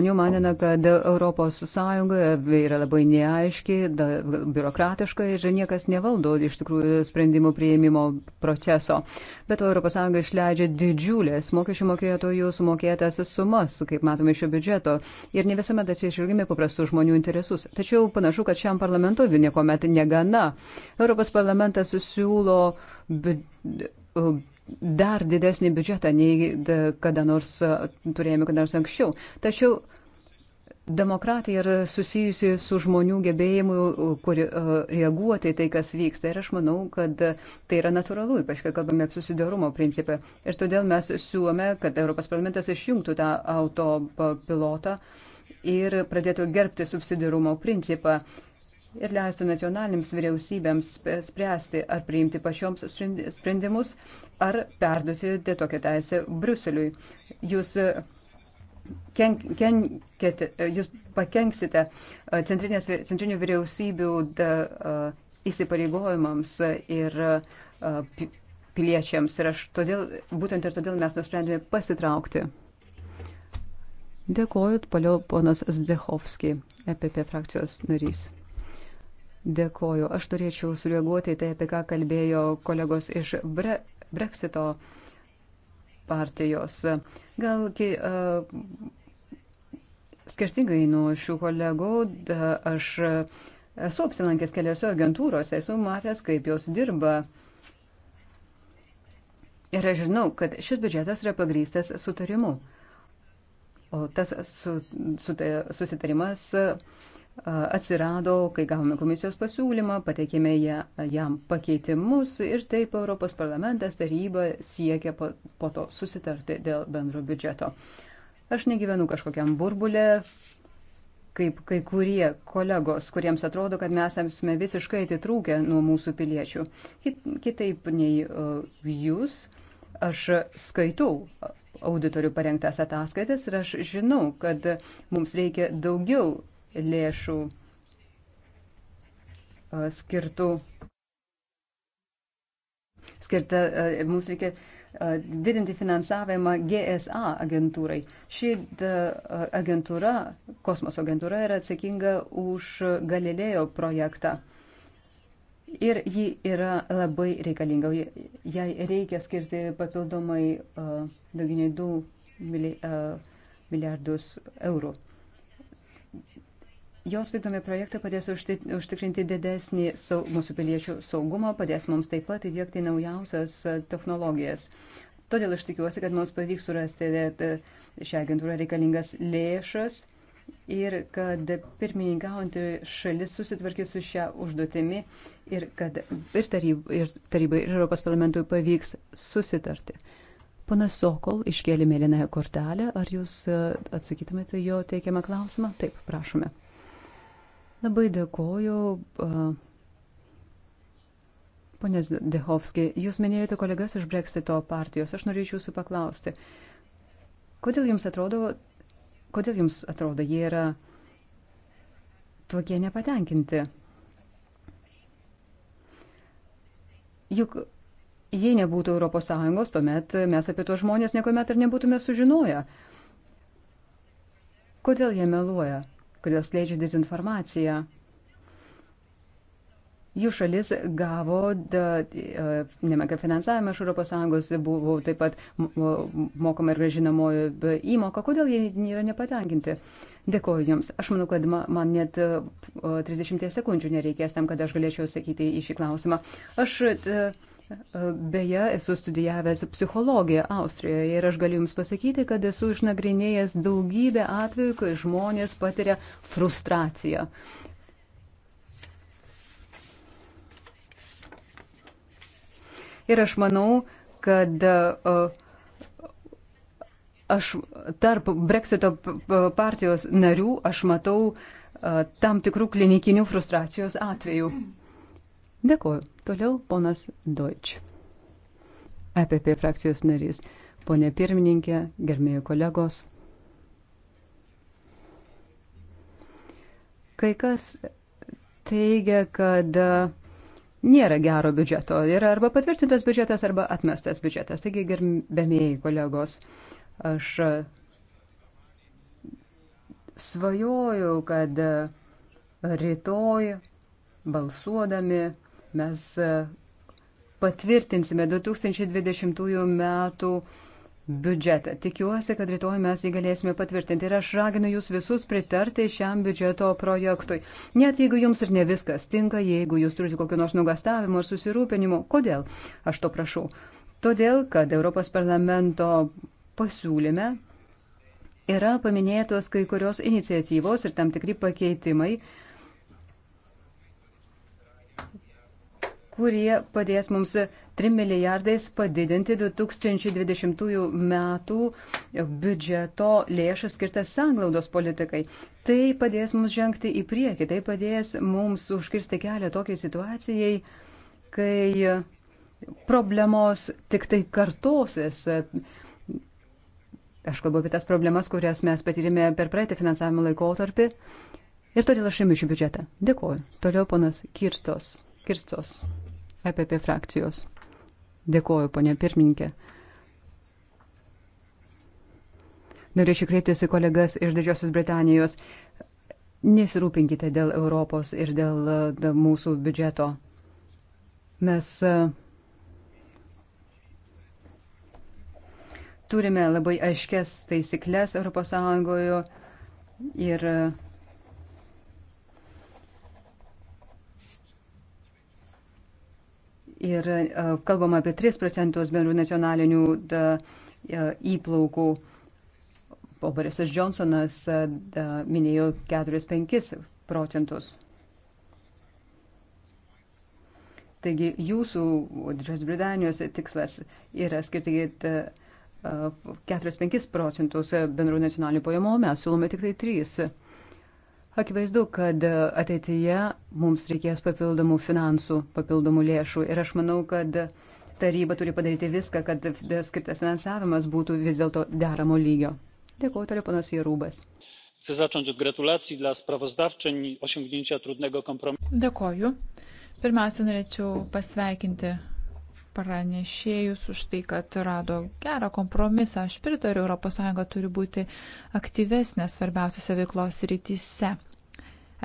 žmonių manina, kad ES yra labai neaiški, da, biurokratiška ir niekas nevaldo iš tikrųjų sprendimų prieimimo proceso. Bet ES išleidžia didžiulės mokesčių mokėtojų sumokėtas sumas, kaip matome šio biudžeto, ir ne visuomet atsižvelgime paprastų žmonių interesus. Tačiau panašu, kad šiam parlamentui nieko met negana. Europos parlamentas siūlo bi, dar didesnį biudžetą, nei kada nors turėjome kada nors anksčiau. Tačiau demokratija yra susijusi su žmonių gebėjimu kuri, reaguoti į tai, kas vyksta. Ir aš manau, kad tai yra natūralu, ypač kai kalbame apie susidarumo principą. Ir todėl mes siūlome, kad Europos parlamentas išjungtų tą autopilotą ir pradėtų gerbti subsidiarumo principą ir leistų nacionalinėms vyriausybėms spręsti, ar priimti pačioms sprendimus, ar perduoti tokią teisę Bruseliui. Jūs e, ken, ken, ket, jūs pakenksite e, centrinių vyriausybių da, e, įsipareigojimams ir piliečiams. Ir aš todėl, būtent ir todėl mes nusprendėme pasitraukti. Dėkoju, toliau ponas Zdechovski, EPP frakcijos narys. Dėkoju. Aš turėčiau sureaguoti tai, apie ką kalbėjo kolegos iš Bre Brexito partijos. Gal uh, skirtingai nuo šių kolegų, da, aš esu apsilankęs keliose agentūrose, esu matęs, kaip jos dirba. Ir aš žinau, kad šis biudžetas yra pagrystas sutarimu. O tas su, su, susitarimas. Uh, atsirado, kai gavome komisijos pasiūlymą, pateikėme jam pakeitimus ir taip Europos parlamentas taryba siekia po, po to susitarti dėl bendro biudžeto. Aš negyvenu kažkokiam burbulė, kaip kai kurie kolegos, kuriems atrodo, kad mes esame visiškai atitrūkę nuo mūsų piliečių. Kitaip nei uh, jūs, aš skaitau auditorių parengtas ataskaitas ir aš žinau, kad mums reikia daugiau lėšų skirtų, skirta, mums reikia didinti finansavimą GSA agentūrai. Ši agentūra, kosmoso agentūra, yra atsakinga už Galilėjo projektą. Ir ji yra labai reikalinga. Jai reikia skirti papildomai daugiau nei 2 milijardus eurų. Jos vykdomi projektai padės užtikrinti didesnį saug, mūsų piliečių saugumą, padės mums taip pat įdėkti naujausias e, technologijas. Todėl aš tikiuosi, kad mums pavyks surasti e, šią agentūrą reikalingas lėšas ir kad pirmininkaujantį šalis susitvarkys su šią užduotimi ir kad ir tarybai, ir, tarybai, ir Europos parlamentui pavyks susitarti. Ponas Sokol iškėlė mėlynąją kortelę. Ar jūs e, atsakytumėte jo teikiamą klausimą? Taip, prašome. Labai dėkoju. Ponės Dehovski, jūs minėjote kolegas iš Brexito partijos. Aš norėčiau jūsų paklausti, kodėl jums atrodo, kodėl jums atrodo, jie yra tokie nepatenkinti? Juk jei nebūtų ES, tuomet mes apie tuos žmonės niekuomet ir nebūtume sužinoję. Kodėl jie meluoja? kodėl skleidžia dezinformaciją. Jų šalis gavo e, nemenka finansavimą iš ES, buvo taip pat mokama ir gražinamoji e, įmoka. Kodėl jie yra nepatenkinti? Dėkoju Jums. Aš manau, kad man net 30 e, sekundžių nereikės tam, kad aš galėčiau sakyti į šį klausimą. Aš Beje, esu studijavęs psichologiją Austrijoje ir aš galiu Jums pasakyti, kad esu išnagrinėjęs daugybę atvejų, kai žmonės patiria frustraciją. Ir aš manau, kad aš tarp Brexito partijos narių aš matau tam tikrų klinikinių frustracijos atvejų. Mm. Dėkuoju. Toliau ponas Deutsch. EPP frakcijos narys. Pone pirmininkė, gerbėjai kolegos. Kai kas teigia, kad nėra gero biudžeto. Yra arba patvirtintas biudžetas, arba atmestas biudžetas. Taigi, gerbėmėjai kolegos, aš svajojau, kad rytoj balsuodami Mes e, patvirtinsime 2020 metų biudžetą. Tikiuosi, kad rytoj mes jį galėsime patvirtinti. Ir aš raginu jūs visus pritarti šiam biudžeto projektui. Net jeigu jums ir ne viskas tinka, jeigu jūs turite kokiu nors nugastavimu ar susirūpinimu. Kodėl? Aš to prašau. Todėl, kad Europos parlamento pasiūlyme yra paminėtos kai kurios iniciatyvos ir tam tikri pakeitimai, kurie padės mums 3 milijardais padidinti 2020 metų biudžeto lėšas skirtas sanglaudos politikai. Tai padės mums žengti į priekį, tai padės mums užkirsti kelią tokiai situacijai, kai problemos tik tai kartosis. Aš kalbu apie tas problemas, kurias mes patyrėme per praeitį finansavimo laikotarpį. Ir todėl aš remiu šį biudžetą. Dėkuoju. Toliau ponas Kirstos. Kirstos. EPP frakcijos. Dėkoju, ponė pirmininkė. Norėčiau kreiptis į kolegas iš Didžiosios Britanijos. Nesirūpinkite dėl Europos ir dėl, e, dėl mūsų biudžeto. Mes e, turime labai aiškes taisyklės ES ir e, ir e, kalbama apie 3 procentus bendrų nacionalinių da, e, įplaukų. O Borisas Johnsonas e, da, minėjo 4-5 procentus. Taigi jūsų Didžiosios Britanijos tikslas yra skirti 4-5 procentus bendrų nacionalinių pajamų, mes siūlome tik tai 3. Akivaizdu, kad ateityje mums reikės papildomų finansų, papildomų lėšų ir aš manau, kad taryba turi padaryti viską, kad skirtas finansavimas būtų vis dėlto deramo lygio. Dėkuoju toliau, panas Jarūbas. Chcę zacząć od gratulacji dla sprawozdawczyń osiągnięcia trudnego kompromisu. Dėkoju. Pirmiausia, norėčiau pasveikinti pranešėjus už tai, kad rado gerą kompromisą. Aš pritariu, ES turi būti aktyvesnė svarbiausiose veiklos rytise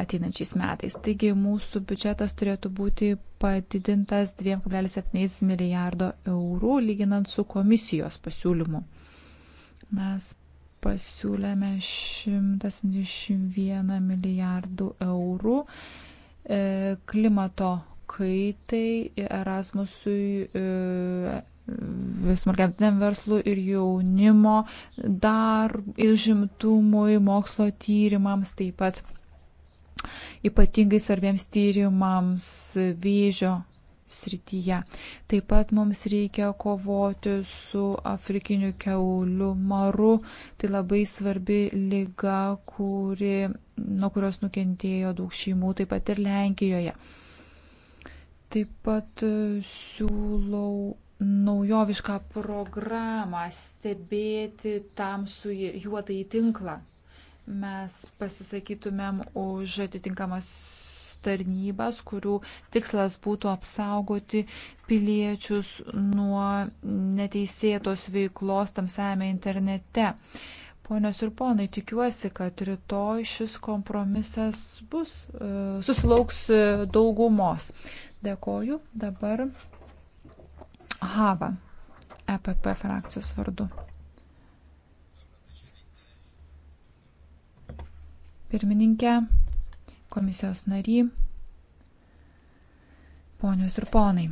ateinančiais metais. Taigi mūsų biudžetas turėtų būti padidintas 2,7 milijardo eurų lyginant su komisijos pasiūlymu. Mes pasiūlėme 121 milijardų eurų e, klimato kaitai, Erasmusui, e, vismarkiantiniam verslui ir jaunimo dar išimtumui, mokslo tyrimams taip pat ypatingai svarbiems tyrimams vėžio srityje. Taip pat mums reikia kovoti su afrikiniu keuliu maru. Tai labai svarbi lyga, kuri, nuo kurios nukentėjo daug šeimų, taip pat ir Lenkijoje. Taip pat e, siūlau naujovišką programą stebėti tamsų juodai tinklą. Mes pasisakytumėm už atitinkamas tarnybas, kurių tikslas būtų apsaugoti piliečius nuo neteisėtos veiklos tamsiame internete. Ponios ir ponai, tikiuosi, kad rytoj šis kompromisas bus, e, susilauks e, daugumos. Dėkoju dabar Hava, EPP frakcijos vardu. Pirmininkė, komisijos nary, ponios ir ponai.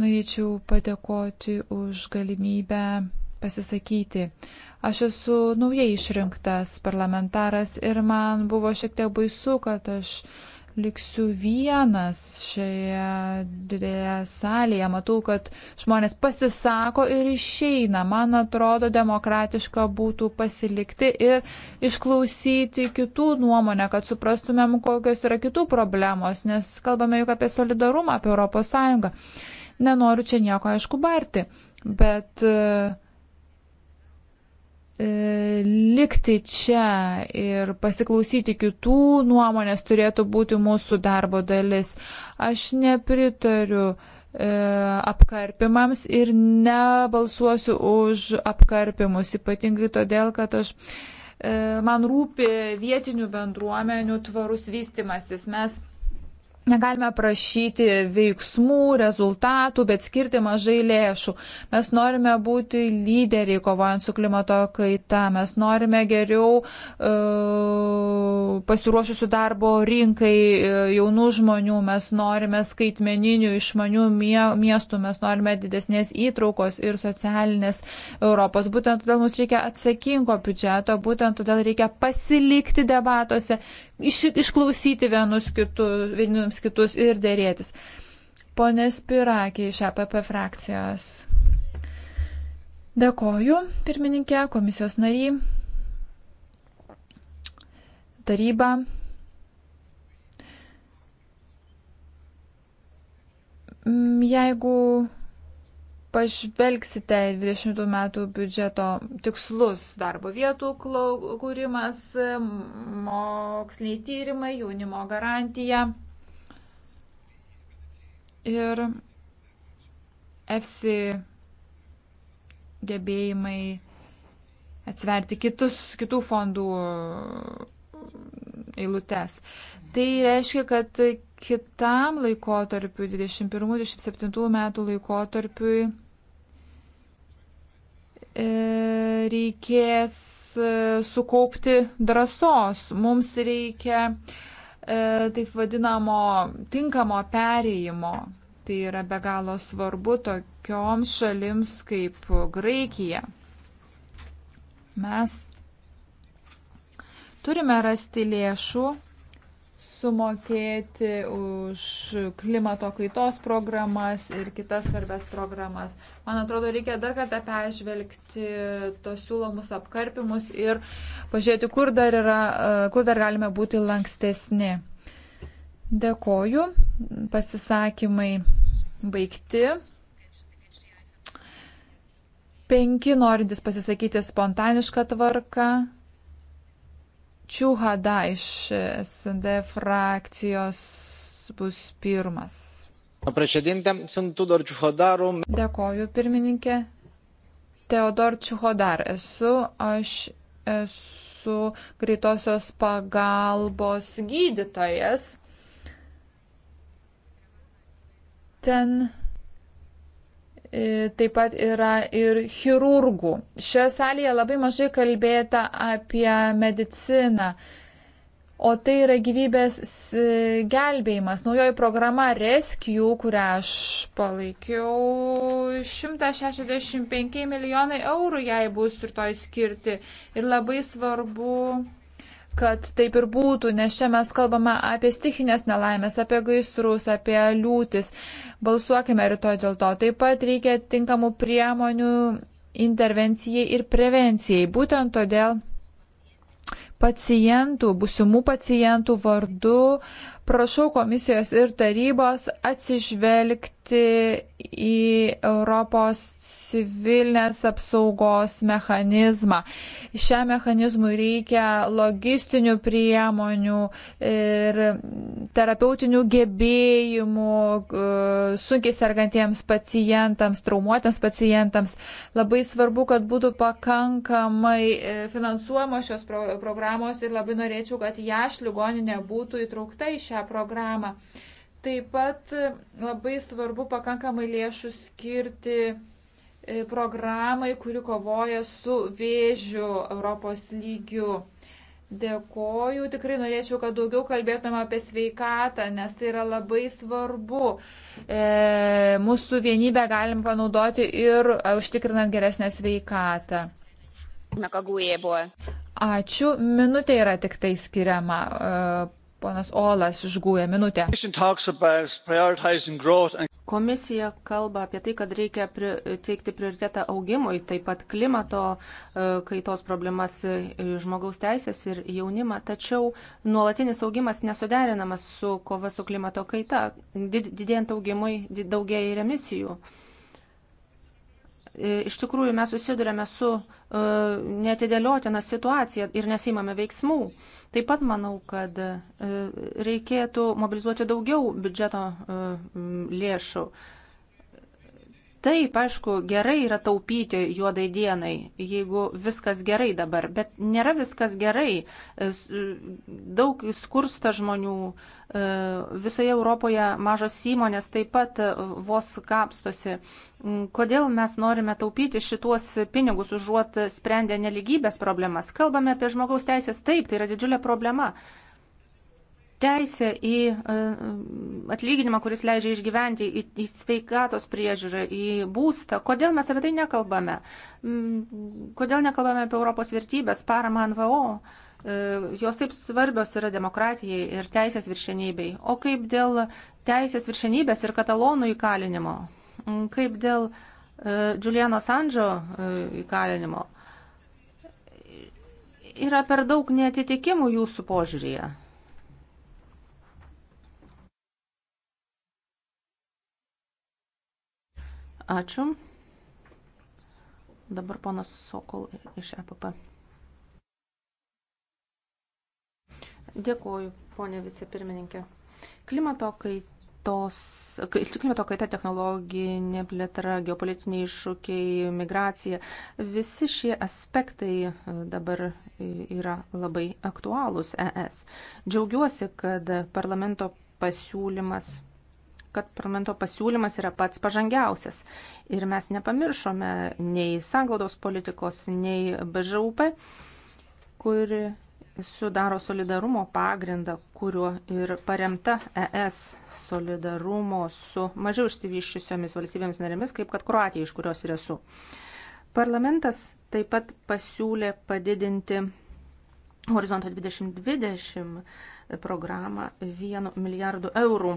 Norėčiau padėkoti už galimybę pasisakyti. Aš esu naujai išrinktas parlamentaras ir man buvo šiek tiek baisu, kad aš liksiu vienas šioje didelėje salėje. Matau, kad žmonės pasisako ir išeina. Man atrodo, demokratiška būtų pasilikti ir išklausyti kitų nuomonę, kad suprastumėm, kokios yra kitų problemos, nes kalbame juk apie solidarumą, apie ES. Nenoriu čia nieko aišku barti, bet uh, E, likti čia ir pasiklausyti kitų nuomonės turėtų būti mūsų darbo dalis. Aš nepritariu e, apkarpimams ir nebalsuosiu už apkarpimus, ypatingai todėl, kad aš e, man rūpi vietinių bendruomenių tvarus vystimasis. Mes Negalime prašyti veiksmų, rezultatų, bet skirti mažai lėšų. Mes norime būti lyderiai kovojant su klimato kaita. Mes norime geriau e, pasiruošusių darbo rinkai e, jaunų žmonių. Mes norime skaitmeninių išmanių mie, miestų. Mes norime didesnės įtraukos ir socialinės Europos. Būtent todėl mums reikia atsakingo biudžeto. Būtent todėl reikia pasilikti debatuose iš, išklausyti vienus kitus, vieniems kitus ir dėrėtis. Pone Spirakė iš APP frakcijos. Dėkoju, pirmininkė, komisijos nariai, taryba. Mm, jeigu pažvelgsite 20 metų biudžeto tikslus - darbo vietų kūrimas, moksliniai tyrimai, jaunimo garantija ir EFSI gebėjimai atsverti kitus, kitų fondų eilutes. Tai reiškia, kad kitam laikotarpiu, 21-27 metų laikotarpiu, E, reikės e, sukaupti drąsos, mums reikia e, taip vadinamo tinkamo pereimo. Tai yra be galo svarbu tokioms šalims kaip Graikija. Mes turime rasti lėšų sumokėti už klimato kaitos programas ir kitas svarbės programas. Man atrodo, reikia dar kartą peržvelgti tos siūlomus apkarpimus ir pažiūrėti, kur dar, yra, e, kur dar galime būti lankstesni. Dėkoju. Pasisakymai baigti. Penki norintys pasisakyti spontanišką tvarką. Čiuha iš SND frakcijos bus pirmas. Dėkoju, pirmininkė. Teodor Čiuhodar esu. Aš esu greitosios pagalbos gydytojas. Ten E, taip pat yra ir chirurgų. Šioje salėje labai mažai kalbėta apie mediciną. O tai yra gyvybės e, gelbėjimas. Naujoji programa Rescue, kurią aš palaikiau, 165 milijonai eurų jai bus ir to įskirti. Ir labai svarbu kad taip ir būtų, nes čia mes kalbame apie stichinės nelaimės, apie gaisrus, apie liūtis. Balsuokime rytoj dėl to. Taip pat reikia tinkamų priemonių intervencijai ir prevencijai. Būtent todėl pacientų, busimų pacientų vardu prašau komisijos ir tarybos atsižvelgti į Europos civilinės apsaugos mechanizmą. Šiam mechanizmui reikia logistinių priemonių ir terapeutinių gebėjimų e, sunkiai sergantiems pacientams, traumuotiems pacientams. Labai svarbu, kad būtų pakankamai e, finansuojamos šios pro programos ir labai norėčiau, kad jaš ligoninė būtų įtraukta į šią programą. Taip pat e, labai svarbu pakankamai lėšų skirti e, programai, kuri kovoja su vėžiu Europos lygių. Dėkoju, tikrai norėčiau, kad daugiau kalbėtume apie sveikatą, nes tai yra labai svarbu. E, mūsų vienybę galim panaudoti ir užtikrinant geresnę sveikatą. Ačiū, minutė yra tik tai skiriama. E, Ponas Olas išgūja minutę. Komisija kalba apie tai, kad reikia teikti prioritetą augimui, taip pat klimato e, kaitos problemas, e, žmogaus teisės ir jaunimą, tačiau nuolatinis augimas nesuderinamas su kova su klimato kaita. Didėjant augimui daugėja ir emisijų. E, iš tikrųjų, mes susidurėme su E, netidėliotiną situaciją ir nesimame veiksmų. Taip pat manau, kad e, reikėtų mobilizuoti daugiau biudžeto e, lėšų. Taip, aišku, gerai yra taupyti juodai dienai, jeigu viskas gerai dabar, bet nėra viskas gerai. Daug skursta žmonių, e, visoje Europoje mažos įmonės taip pat e, vos kapstosi. Mm, kodėl mes norime taupyti šituos pinigus užuot sprendę neligybės problemas? Kalbame apie žmogaus teisės, taip, tai yra didžiulė problema teisę į e, atlyginimą, kuris leidžia išgyventi, į, į sveikatos priežiūrą, į būstą. Kodėl mes apie tai nekalbame? Mm, kodėl nekalbame apie Europos vertybės, paramą NVO? E, jos taip svarbios yra demokratijai ir teisės viršenybei. O kaip dėl teisės viršenybės ir katalonų įkalinimo? Mm, kaip dėl e, Giuliano Sandžio įkalinimo? Yra per daug netitikimų jūsų požiūrėje. Ačiū. Dabar ponas Sokol iš EPP. Dėkuoju, ponė vicepirmininkė. Klimato kaitos, klimato kaita, technologinė plėtra, geopolitiniai iššūkiai, migracija, visi šie aspektai e, dabar e, yra labai aktualūs ES. Džiaugiuosi, kad parlamento pasiūlymas kad parlamento pasiūlymas yra pats pažangiausias. Ir mes nepamiršome nei sanglaudos politikos, nei BŽUP, kuri sudaro solidarumo pagrindą, kuriuo ir paremta ES solidarumo su mažiau išsivyščiusiomis valstybėmis narėmis, kaip kad Kroatija, iš kurios ir esu. Parlamentas taip pat pasiūlė padidinti Horizonto 2020 programą 1 milijardų eurų.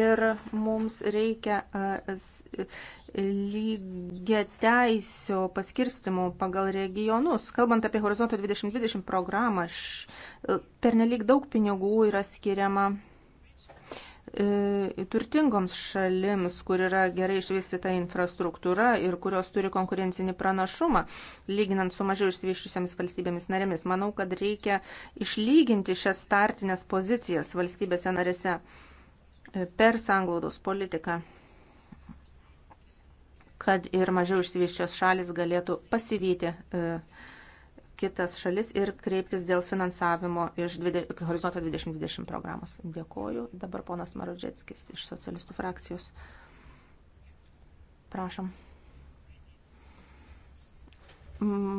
Ir mums reikia e, e, lygia teisio paskirstimo pagal regionus. Kalbant apie Horizonto 2020 programą, e, pernelyg daug pinigų yra skiriama E, turtingoms šalims, kur yra gerai išvystyta infrastruktūra ir kurios turi konkurencinį pranašumą, lyginant su mažiau išsivyščiusiamis valstybėmis narėmis. Manau, kad reikia išlyginti šias startinės pozicijas valstybėse narėse e, per sanglaudos politiką, kad ir mažiau išsivyščios šalis galėtų pasivyti. E, kitas šalis ir kreiptis dėl finansavimo iš 20, Horizonto 2020 programos. Dėkoju. Dabar ponas Marodžetskis iš socialistų frakcijos. Prašom.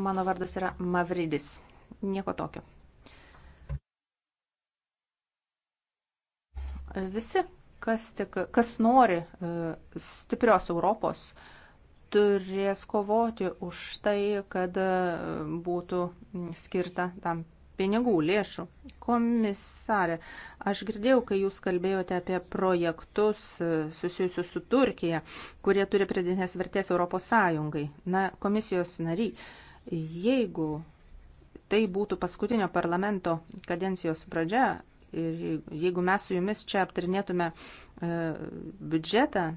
Mano vardas yra Mavridis. Nieko tokio. Visi, kas, tik, kas nori e, stiprios Europos, turės kovoti už tai, kad e, būtų skirta tam pinigų, lėšų. Komisarė, aš girdėjau, kai jūs kalbėjote apie projektus e, susijusius su Turkija, kurie turi pridinės vertės Europos Sąjungai. Na, komisijos nariai, jeigu tai būtų paskutinio parlamento kadencijos pradžia ir jeigu mes su jumis čia aptarnėtume e, biudžetą,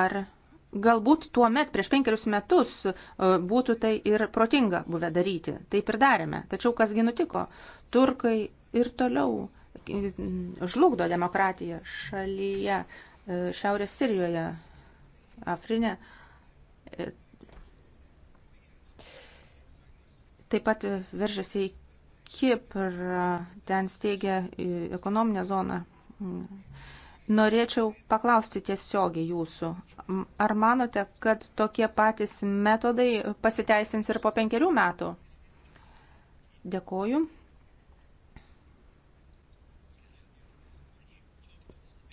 ar Galbūt tuo met, prieš penkerius metus, e, būtų tai ir protinga buvę daryti. Taip ir darėme. Tačiau kasgi nutiko? Turkai ir toliau e, žlugdo demokratiją šalyje, e, Šiaurės Sirijoje, Afrinė. Taip pat veržėsi į Kiprą, ten steigia ekonominę zoną. Mm. Norėčiau paklausti tiesiogiai jūsų, ar manote, kad tokie patys metodai pasiteisins ir po penkerių metų? Dėkoju.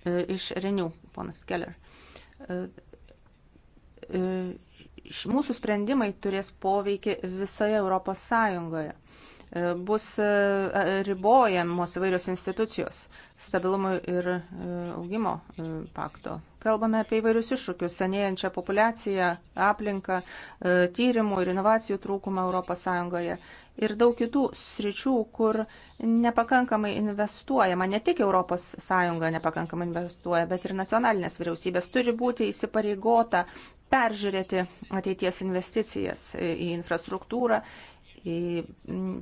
E, iš Renių, ponas Keller. E, e, mūsų sprendimai turės poveikį visoje Europos Sąjungoje bus e, e, ribojamos įvairios institucijos stabilumo ir e, augimo pakto. Kalbame apie įvairius iššūkius - senėjančią populaciją, aplinką, tyrimų ir inovacijų trūkumą ES ir daug kitų sričių, kur nepakankamai investuojama. Ne tik ES nepakankamai investuoja, bet ir nacionalinės vyriausybės turi būti įsipareigota peržiūrėti ateities investicijas į infrastruktūrą į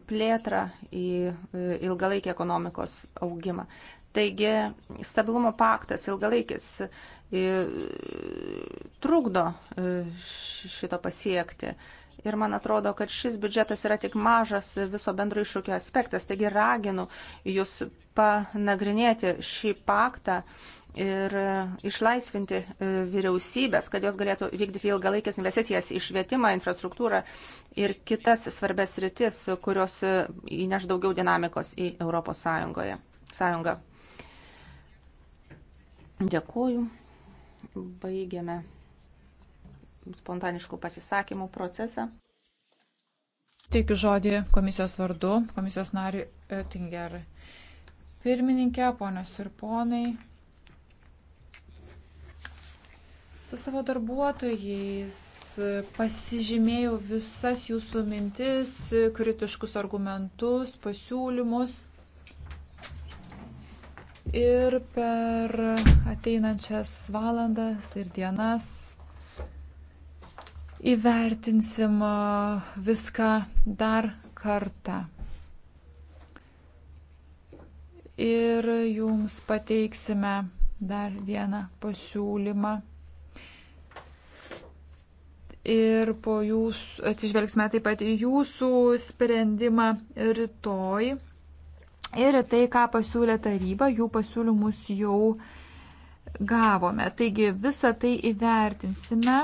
plėtrą, į e, ilgalaikį ekonomikos augimą. Taigi stabilumo paktas ilgalaikis e, trukdo e, šito pasiekti. Ir man atrodo, kad šis biudžetas yra tik mažas viso bendro iššūkio aspektas. Taigi raginu jūs panagrinėti šį paktą ir e, išlaisvinti e, vyriausybės, kad jos galėtų vykdyti ilgalaikės investicijas į švietimą, infrastruktūrą ir kitas svarbės rytis, kurios e, įneš daugiau dinamikos į Europos Sąjungoje. Sąjungą. Dėkuoju. Baigiame spontaniškų pasisakymų procesą. Teikiu žodį komisijos vardu, komisijos nariui Oettingerui. Pirmininkė, ponios ir ponai, Su savo darbuotojais pasižymėjau visas jūsų mintis, kritiškus argumentus, pasiūlymus. Ir per ateinančias valandas ir dienas įvertinsim viską dar kartą. Ir jums pateiksime dar vieną pasiūlymą ir po jūs atsižvelgsime taip pat į jūsų sprendimą rytoj ir tai, ką pasiūlė taryba, jų pasiūlymus jau gavome. Taigi visą tai įvertinsime.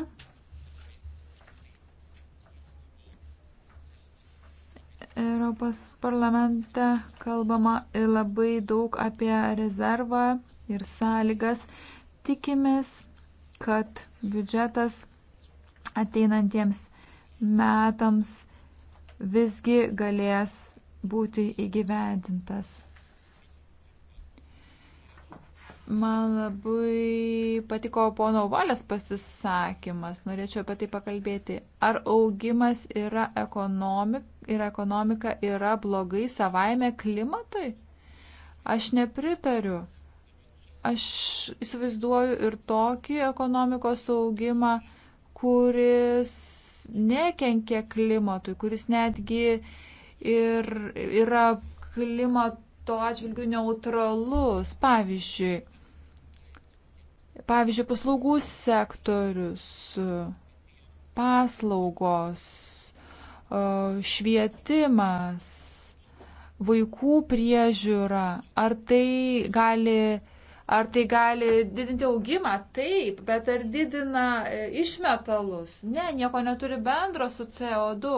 Europos parlamente kalbama labai daug apie rezervą ir sąlygas. Tikimės, kad biudžetas ateinantiems metams visgi galės būti įgyvendintas. Man labai patiko pono Valės pasisakymas, norėčiau apie tai pakalbėti. Ar augimas yra ekonomika, ir ekonomika yra blogai savaime klimatui? Aš nepritariu. Aš įsivaizduoju ir tokį ekonomikos augimą, kuris nekenkia klimatui, kuris netgi ir yra klimato atžvilgių neutralus. Pavyzdžiui, pavyzdžiui, paslaugų sektorius, paslaugos, švietimas, vaikų priežiūra, ar tai gali Ar tai gali didinti augimą? Taip, bet ar didina e, išmetalus? Ne, nieko neturi bendro su CO2.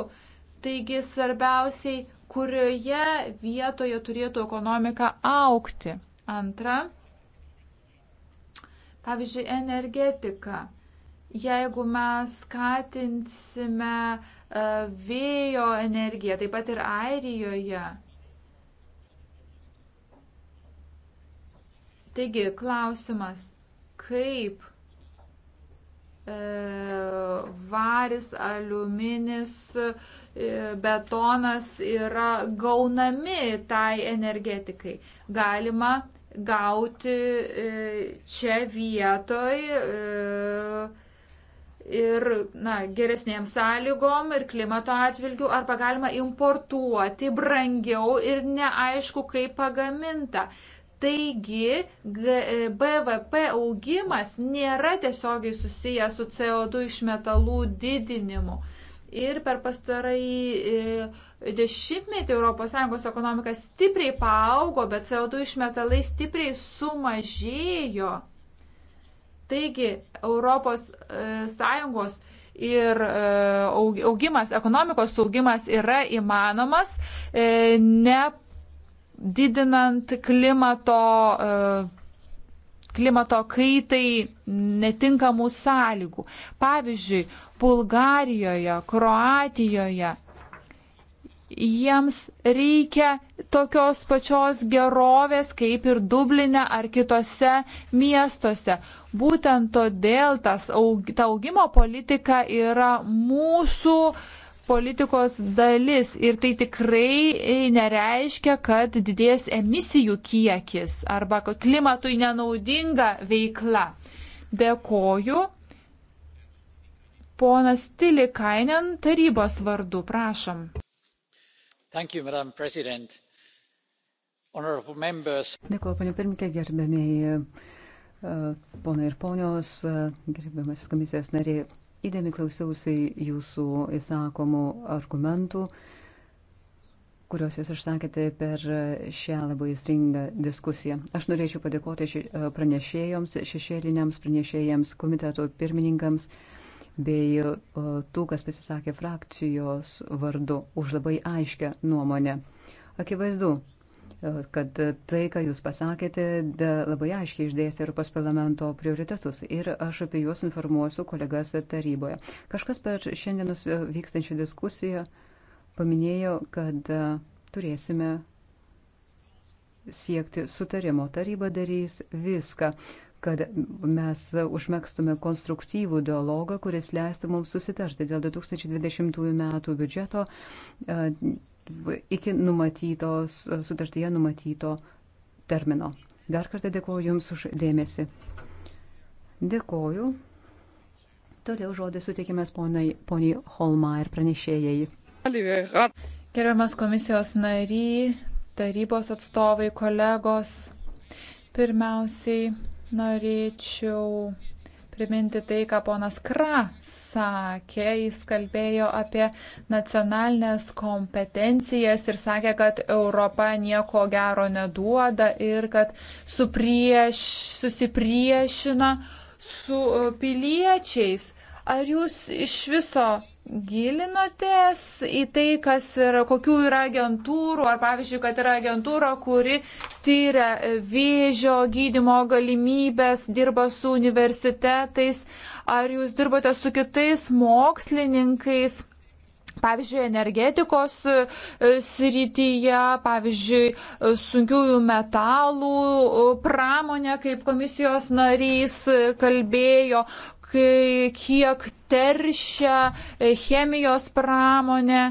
Taigi svarbiausiai, kurioje vietoje turėtų ekonomika aukti. Antra, pavyzdžiui, energetika. Jeigu mes skatinsime e, vėjo energiją, taip pat ir Airijoje, Taigi klausimas, kaip e, varis, aliuminis, e, betonas yra gaunami tai energetikai. Galima gauti e, čia vietoj. E, ir na, geresnėm sąlygom ir klimato atžvilgių, arba galima importuoti brangiau ir neaišku, kaip pagaminta. Taigi e, BVP augimas nėra tiesiogiai susijęs su CO2 išmetalų didinimu. Ir per pastarąjį e, dešimtmetį ES ekonomika stipriai paaugo, bet CO2 išmetalai stipriai sumažėjo. Taigi ES e, ir augimas, ekonomikos augimas yra įmanomas, ne didinant klimato, e, klimato kaitai netinkamų sąlygų. Pavyzdžiui, Bulgarijoje, Kroatijoje jiems reikia tokios pačios gerovės kaip ir Dublinė ar kitose miestuose. Būtent todėl tas, ta augimo politika yra mūsų politikos dalis ir tai tikrai nereiškia, kad didės emisijų kiekis arba klimatui nenaudinga veikla. Dėkoju. Ponas Tilikainen tarybos vardu, prašom. Thank you, Madam President. Honorable members. Dėkuoju, panė pirmininkė, gerbėmiai e, ponai ir ponios, e, gerbiamas komisijos nariai įdėmi klausiausi jūsų įsakomų argumentų, kuriuos jūs išsakėte per šią labai įstringą diskusiją. Aš norėčiau padėkoti ši, pranešėjams, šešėliniams pranešėjams, komiteto pirmininkams bei tų, kas pasisakė frakcijos vardu už labai aiškę nuomonę. Akivaizdu, kad tai, ką Jūs pasakėte, labai aiškiai išdėstė Europos parlamento prioritetus ir aš apie juos informuosiu kolegas taryboje. Kažkas per šiandienus vykstančią diskusiją paminėjo, kad turėsime siekti sutarimo. Taryba darys viską kad mes užmėgstume konstruktyvų dialogą, kuris leistų mums susitarti dėl 2020 metų biudžeto iki numatytos, sutartyje numatyto termino. Dar kartą dėkoju Jums už dėmesį. Dėkoju. Toliau žodį suteikiamas poniai, poniai Holma ir pranešėjai. Gerbiamas komisijos nary, tarybos atstovai, kolegos, pirmiausiai norėčiau priminti tai, ką ponas Kra sakė. Jis kalbėjo apie nacionalinės kompetencijas ir sakė, kad Europa nieko gero neduoda ir kad suprieš, susipriešina su e, piliečiais. Ar jūs iš viso gilinotės į tai, kas yra, kokių yra agentūrų, ar pavyzdžiui, kad yra agentūra, kuri tyria vėžio gydimo galimybės, dirba su universitetais, ar jūs dirbote su kitais mokslininkais, Pavyzdžiui, energetikos e, e, srityje, pavyzdžiui, e, sunkiųjų metalų pramonė, kaip komisijos narys kalbėjo, kai, kiek teršia chemijos pramonė.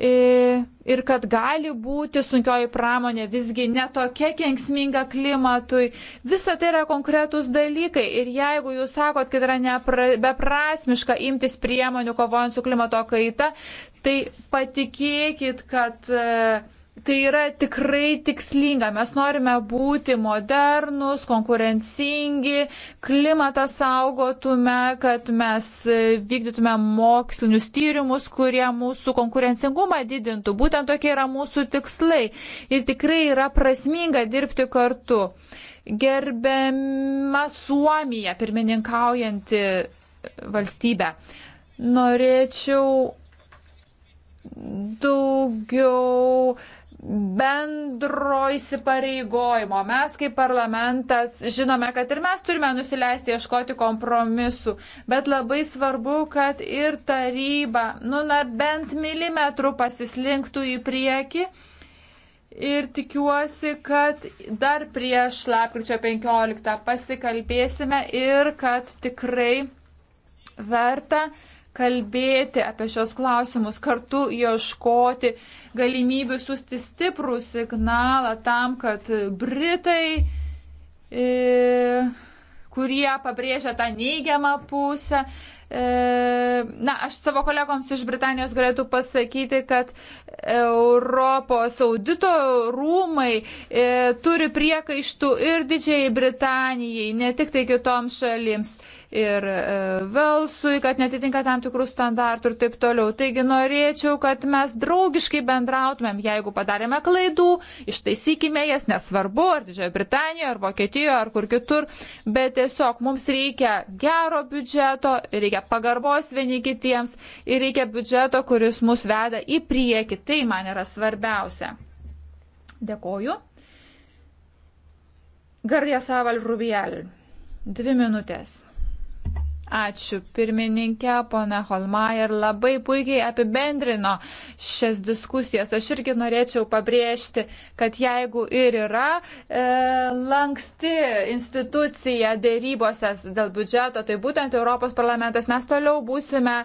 E, ir kad gali būti sunkioji pramonė visgi netokia kenksminga klimatui. Visa tai yra konkretūs dalykai ir jeigu jūs sakot, kad yra nepra, beprasmiška imtis priemonių kovojant su klimato kaita, tai patikėkit, kad uh, Tai yra tikrai tikslinga. Mes norime būti modernus, konkurencingi, klimatą saugotume, kad mes vykdytume mokslinius tyrimus, kurie mūsų konkurencingumą didintų. Būtent tokie yra mūsų tikslai. Ir tikrai yra prasminga dirbti kartu. Gerbiama Suomija, pirmininkaujanti valstybė. Norėčiau daugiau bendro įsipareigojimo. Mes kaip parlamentas žinome, kad ir mes turime nusileisti ieškoti kompromisų, bet labai svarbu, kad ir taryba, nu, na, bent milimetrų pasislinktų į priekį. Ir tikiuosi, kad dar prieš lapkričio 15 pasikalbėsime ir kad tikrai verta kalbėti apie šios klausimus, kartu ieškoti galimybių susti stiprų signalą tam, kad Britai, e, kurie pabrėžia tą neigiamą pusę, e, na, aš savo kolegoms iš Britanijos galėtų pasakyti, kad Europos audito rūmai e, turi priekaištų ir Didžiai Britanijai, ne tik tai kitoms šalims. E, ir e, Velsui, kad netitinka tam tikrų standartų ir taip toliau. Taigi norėčiau, kad mes draugiškai bendrautumėm, jeigu padarėme klaidų, ištaisykime jas, nesvarbu, ar Didžiojo Britanijoje, ar Vokietijoje, ar kur kitur, bet tiesiog mums reikia gero biudžeto, reikia pagarbos vieni kitiems ir reikia biudžeto, kuris mus veda į priekį. Tai man yra svarbiausia. Dėkoju. Gardia Saval Rubial. Dvi minutės. Ačiū pirmininkė, pone Holmaier, labai puikiai apibendrino šias diskusijas. Aš irgi norėčiau pabrėžti, kad jeigu ir yra e, lanksti institucija dėrybose dėl biudžeto, tai būtent Europos parlamentas mes toliau būsime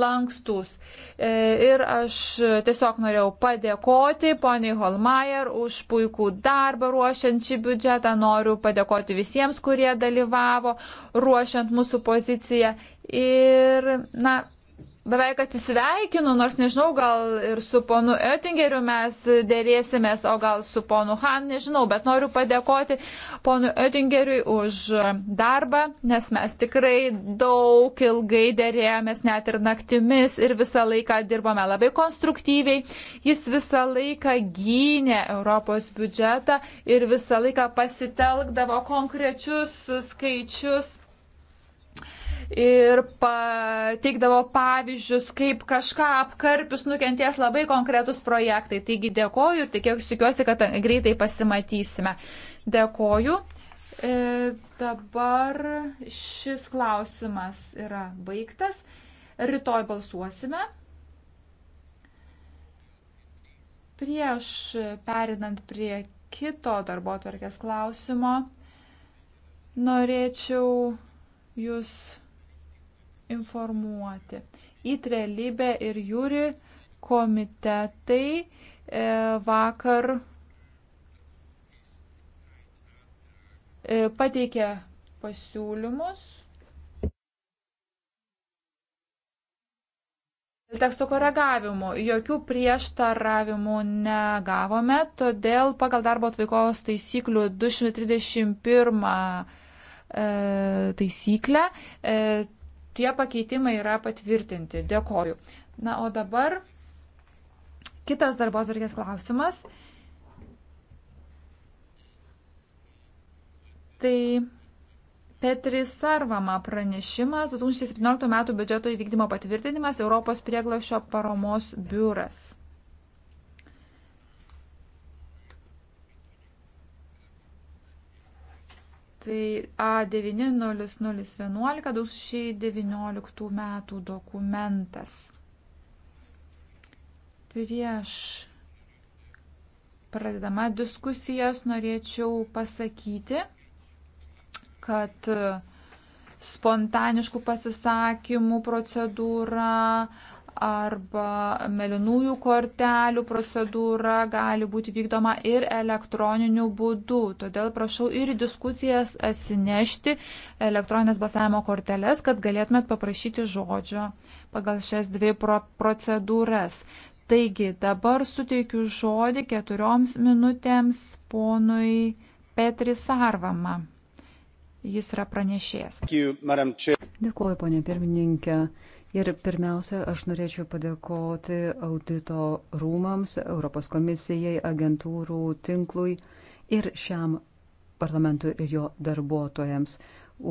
lankstus. E, ir aš tiesiog norėjau padėkoti poniai Holmaier už puikų darbą ruošiant šį biudžetą. Noriu padėkoti visiems, kurie dalyvavo ruošiant mūsų poziciją poziciją ir, na, beveik atsisveikinu, nors nežinau, gal ir su ponu Oettingeriu mes dėrėsimės, o gal su ponu Han, nežinau, bet noriu padėkoti ponu Oettingeriui už darbą, nes mes tikrai daug ilgai dėrėjomės, net ir naktimis, ir visą laiką dirbome labai konstruktyviai. Jis visą laiką gynė Europos biudžetą ir visą laiką pasitelkdavo konkrečius skaičius ir pateikdavo pavyzdžius, kaip kažką apkarpius nukenties labai konkretus projektai. Taigi dėkoju ir tikiuosi, kad greitai pasimatysime. Dėkoju. E, dabar šis klausimas yra baigtas. Rytoj balsuosime. Prieš perinant prie kito darbo atverkės klausimo, norėčiau jūs informuoti. Įtrė Libė ir Jūri komitetai e, vakar e, pateikė pasiūlymus. Teksto koregavimų jokių prieštaravimų negavome, todėl pagal darbo atvaikos taisyklių 231 e, taisyklę e, Tie pakeitimai yra patvirtinti. Dėkoju. Na, o dabar kitas darbo atvarkės klausimas. Tai Petris Sarvama pranešimas 2017 m. biudžeto įvykdymo patvirtinimas Europos prieglašio paramos biuras. Tai A90011 2019 metų dokumentas. Prieš pradedama diskusijas norėčiau pasakyti, kad spontaniškų pasisakymų procedūra arba melinųjų kortelių procedūra gali būti vykdoma ir elektroniniu būdu. Todėl prašau ir diskusijas atsinešti elektroninės balsavimo korteles, kad galėtumėt paprašyti žodžio pagal šias dvi pro procedūras. Taigi dabar suteikiu žodį keturioms minutėms ponui Petri Sarvama. Jis yra pranešėjas. Dėkuoju, ponė pirmininkė. Ir pirmiausia, aš norėčiau padėkoti audito rūmams, Europos komisijai, agentūrų tinklui ir šiam parlamentui ir jo darbuotojams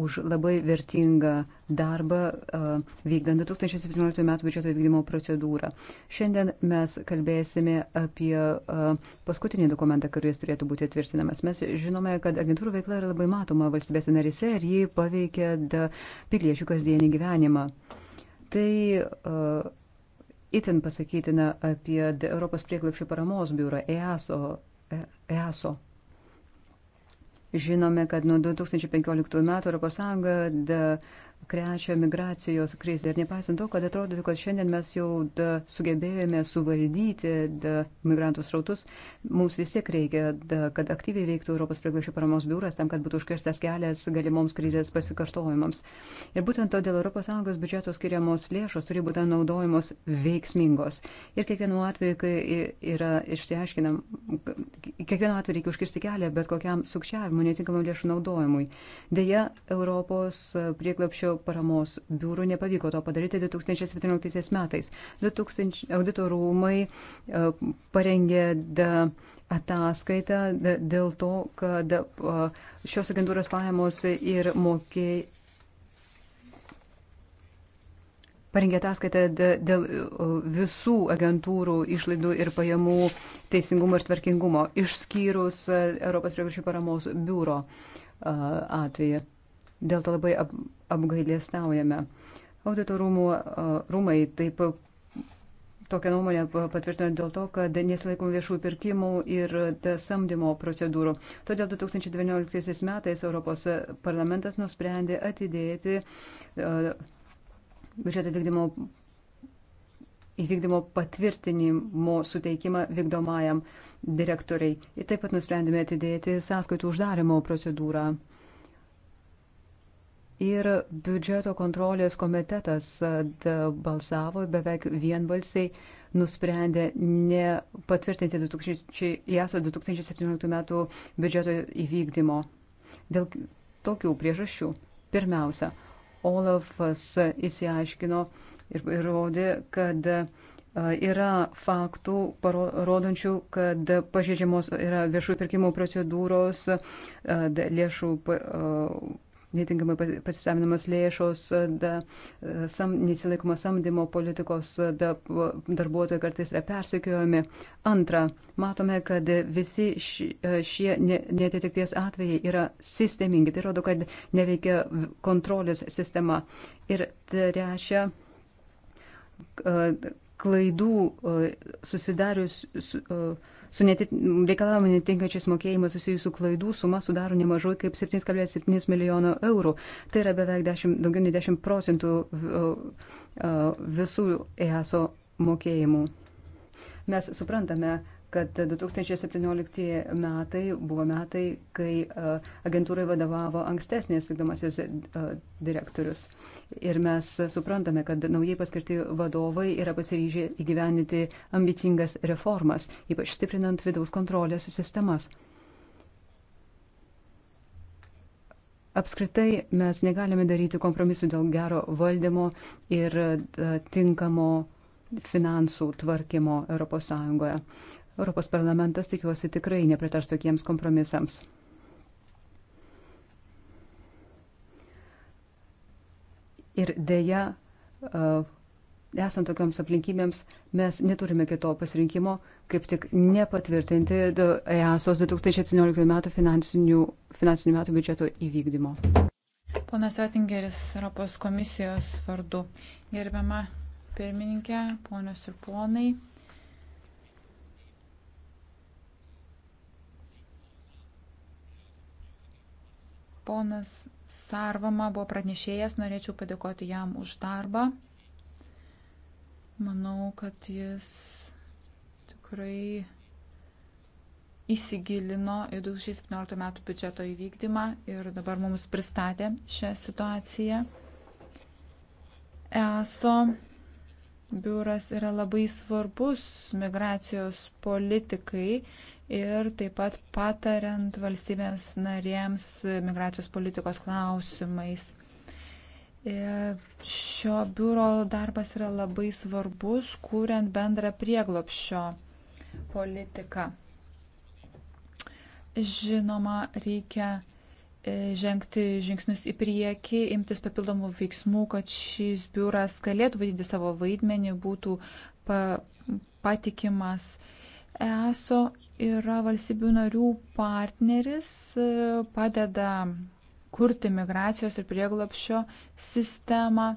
už labai vertingą darbą vykdant 2017 m. biudžeto vykdymo procedūrą. Šiandien mes kalbėsime apie paskutinį dokumentą, kuris turėtų būti tvirtinamas. Mes žinome, kad agentūrų veikla yra labai matoma valstybės narise ir jį paveikia piliečių kasdienį gyvenimą. Tai uh, itin pasakytina apie Europos prieglapščių paramos biurą EASO. EASO. E Žinome, kad nuo 2015 metų ES krečia migracijos krizė. Ir nepaisant to, kad atrodo, kad šiandien mes jau da, sugebėjome suvaldyti da, migrantų srautus, mums vis tiek reikia, da, kad aktyviai veiktų Europos prieglaišių paramos biuras tam, kad būtų užkirstas kelias galimoms krizės pasikartojimams. Ir būtent todėl ES biudžeto skiriamos lėšos turi būti naudojamos veiksmingos. Ir kiekvienu atveju, kai yra išsiaiškinam, kiekvienu atveju reikia užkirsti kelią bet kokiam sukčiavimui, netinkamam lėšų naudojimui. Deja, Europos prieglapščio paramos biurų nepavyko to padaryti 2017 metais. 2000, audito rūmai e, parengė ataskaitą dėl to, kad e, šios agentūros pajamos ir mokėjai. Parengė ataskaitą dėl e, visų agentūrų išlaidų ir pajamų teisingumo ir tvarkingumo, išskyrus Europos prievaršių paramos biuro atveju. Dėl to labai ap, apgailėstaujame. Audito rūmų, rūmai taip tokią nuomonę patvirtino dėl to, kad nesilaikom viešų pirkimų ir samdymo procedūrų. Todėl 2019 metais Europos parlamentas nusprendė atidėti biudžeto vykdymo įvykdymo patvirtinimo suteikimą vykdomajam direktoriai. Ir taip pat nusprendėme atidėti sąskaitų uždarimo procedūrą. Ir biudžeto kontrolės komitetas balsavo beveik vienbalsiai nusprendė nepatvirtinti 2000, JASO 2017 metų biudžeto įvykdymo. Dėl tokių priežasčių. Pirmiausia, Olafas įsiaiškino ir įrodė, kad yra faktų rodančių, kad pažeidžiamos yra viešų pirkimų procedūros, lėšų netinkamai pasisavinamos lėšos, da, sam, nesilaikoma samdymo politikos, da, darbuotojai kartais yra persekiojami. Antra, matome, kad visi šie netitikties atvejai yra sistemingi. Tai rodo, kad neveikia kontrolės sistema. Ir trečia, klaidų susidarius. Su, su netit... reikalavimu netinkančiais mokėjimais susijusių klaidų suma sudaro nemažai kaip 7,7 milijono eurų. Tai yra beveik 10, daugiau nei 10 procentų visų EASO mokėjimų. Mes suprantame, kad 2017 metai buvo metai, kai e, agentūrai vadovavo ankstesnės vykdomasis e, direktorius. Ir mes suprantame, kad naujai paskirti vadovai yra pasiryžę įgyveninti ambicingas reformas, ypač stiprinant vidaus kontrolės sistemas. Apskritai mes negalime daryti kompromisų dėl gero valdymo ir e, tinkamo finansų tvarkymo ES. Europos parlamentas, tikiuosi, tikrai nepritars tokiems kompromisams. Ir dėja, esant tokioms aplinkybėms, mes neturime kito pasirinkimo, kaip tik nepatvirtinti EASOS 2017 m. finansinių, finansinių metų biudžeto įvykdymo. Ponas Atingeris, Europos komisijos vardu. Gerbiama pirmininkė, ponios ir ponai. Ponas Sarvama buvo pranešėjas, norėčiau padėkoti jam už darbą. Manau, kad jis tikrai įsigilino į 2017 metų biudžeto įvykdymą ir dabar mums pristatė šią situaciją. ESO biuras yra labai svarbus migracijos politikai ir taip pat patariant valstybės narėms migracijos politikos klausimais. Šio biuro darbas yra labai svarbus, kuriant bendrą prieglopšio politiką. Žinoma, reikia e, žengti žingsnius į priekį, imtis papildomų veiksmų, kad šis biuras galėtų vaidinti savo vaidmenį, būtų pa, patikimas ESO yra valstybių narių partneris, e, padeda kurti migracijos ir prieglopščio sistemą,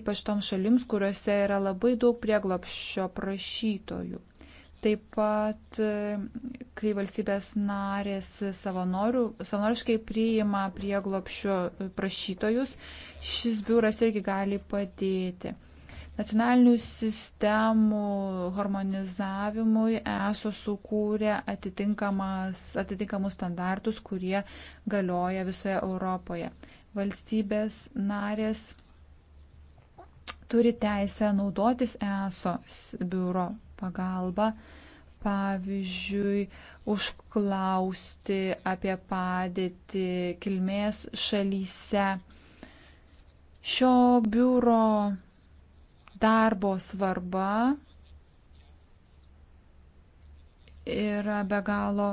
ypač toms šalims, kuriuose yra labai daug prieglopščio prašytojų. Taip pat, e, kai valstybės narės savanoriškai priima prieglopščio prašytojus, šis biuras irgi gali padėti nacionalinių sistemų harmonizavimui ESO sukūrė atitinkamus standartus, kurie galioja visoje Europoje. Valstybės narės turi teisę naudotis ESO biuro pagalba, pavyzdžiui, užklausti apie padėtį kilmės šalyse. Šio biuro darbo svarba yra be galo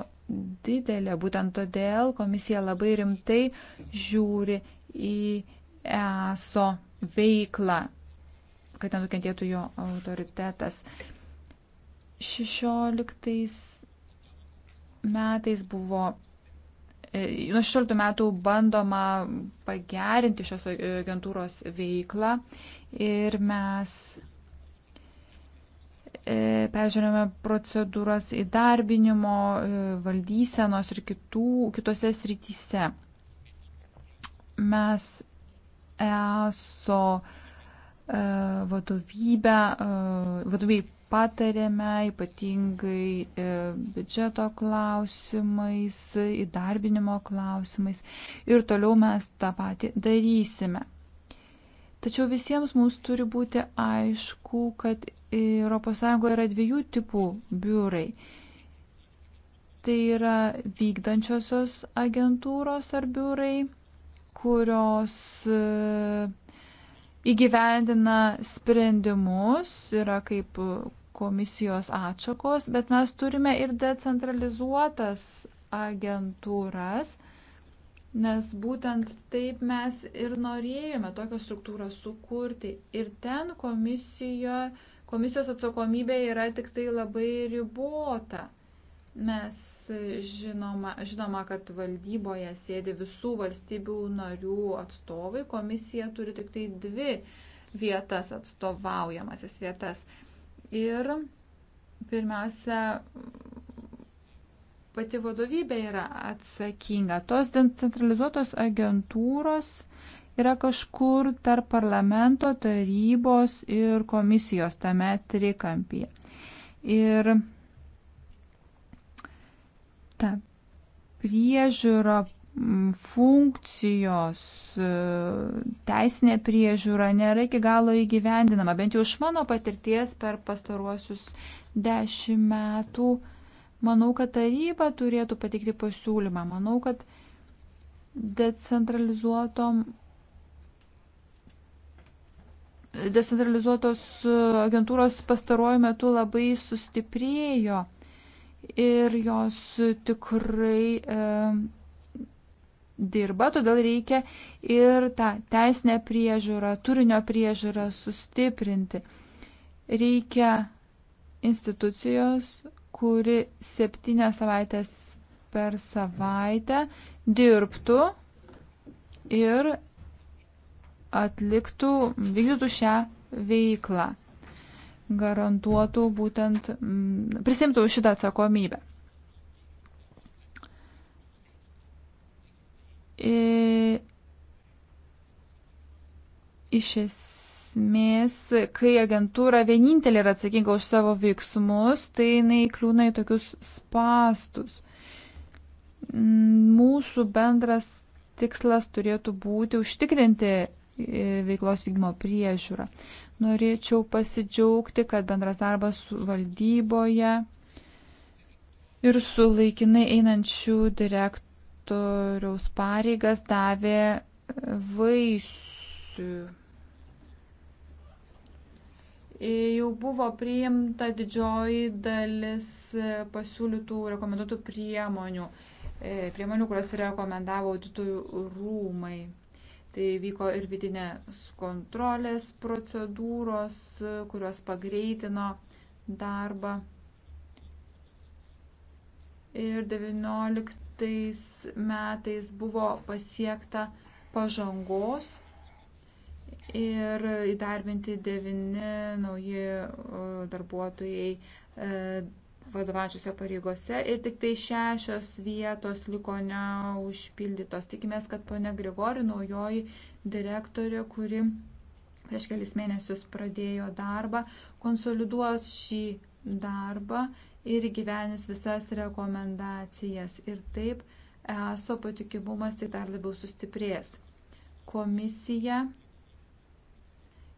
didelė. Būtent todėl komisija labai rimtai žiūri į ESO veiklą, kad nenukentėtų jo autoritetas. 16 metais buvo e, nuo 16 metų bandoma pagerinti šios agentūros veiklą ir mes e, peržiūrėjome procedūras įdarbinimo, e, valdysenos ir kitų, kitose srityse. Mes ESO e, vadovybę, vadovai patarėme ypatingai biudžeto klausimais, įdarbinimo klausimais ir toliau mes tą patį darysime. Tačiau visiems mums turi būti aišku, kad ES yra dviejų tipų biurai. Tai yra vykdančiosios agentūros ar biurai, kurios e, įgyvendina sprendimus, yra kaip komisijos atšakos, bet mes turime ir decentralizuotas agentūras, Nes būtent taip mes ir norėjome tokią struktūrą sukurti. Ir ten komisijo, komisijos atsakomybė yra tik tai labai ribota. Mes žinoma, žinoma, kad valdyboje sėdi visų valstybių narių atstovai, komisija turi tik tai dvi vietas atstovaujamasis vietas. Ir pirmiausia, pati vadovybė yra atsakinga. Tos decentralizuotos agentūros yra kažkur tarp parlamento, tarybos ir komisijos tame trikampyje. Ir ta priežiūra funkcijos, e, teisinė priežiūra nėra iki galo įgyvendinama. Bent jau iš mano patirties per pastaruosius dešimt metų Manau, kad taryba turėtų pateikti pasiūlymą. Manau, kad decentralizuotom decentralizuotos agentūros pastaruoju metu labai sustiprėjo ir jos tikrai e, dirba, todėl reikia ir tą teisinę priežiūrą, turinio priežiūrą sustiprinti. Reikia institucijos, kuri septynias savaitės per savaitę dirbtų ir atliktų, vykdytų šią veiklą, garantuotų būtent, mm, prisimtų šitą atsakomybę. E, iš esmės esmės, kai agentūra vienintelė yra atsakinga už savo veiksmus, tai jinai kliūna į tokius spastus. Mūsų bendras tikslas turėtų būti užtikrinti e, veiklos vykdymo priežiūrą. Norėčiau pasidžiaugti, kad bendras darbas valdyboje ir su laikinai einančių direktoriaus pareigas davė vaisių E jau buvo priimta didžioji dalis e, pasiūlytų rekomenduotų priemonių, e, priemonių, kurias rekomendavo auditorių rūmai. Tai vyko ir vidinės kontrolės procedūros, kurios pagreitino darbą. Ir 19 metais buvo pasiekta pažangos ir įdarbinti devini nauji darbuotojai e, vadovaujančiose pareigose ir tik tai šešios vietos liko neužpildytos. Tikimės, kad ponia Grigori, naujoji direktorė, kuri prieš kelis mėnesius pradėjo darbą, konsoliduos šį darbą ir gyvenis visas rekomendacijas. Ir taip ESO patikimumas tik dar labiau sustiprės. Komisija